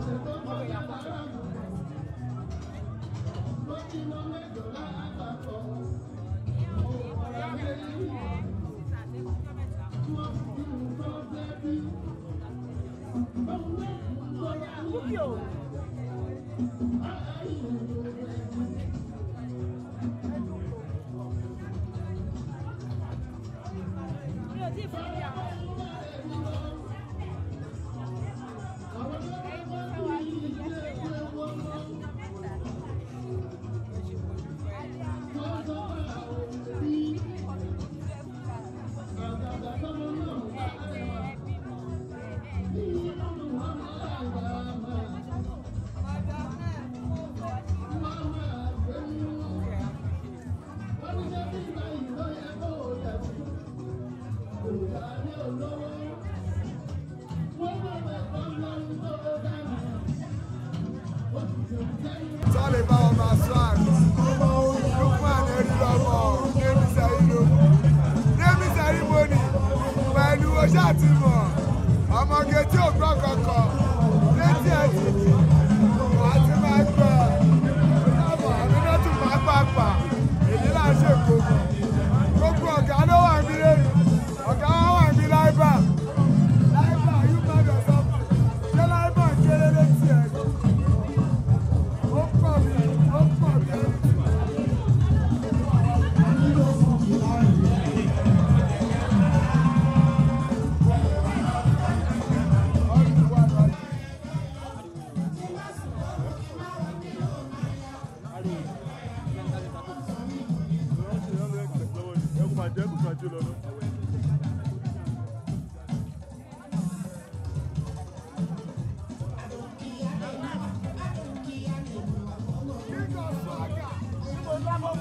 감사합니다. mo ṣáà ti mọ̀ ọmọge tí ò gbọ́ kankan. jù lọ lọ.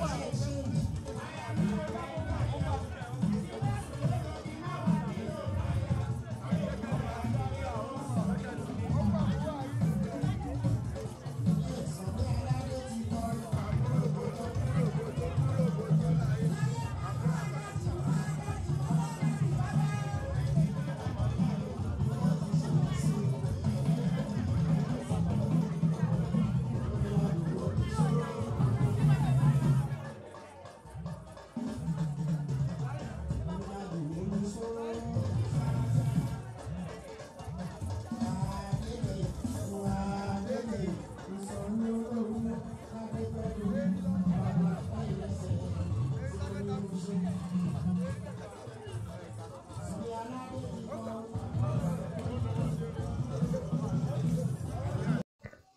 Thank you.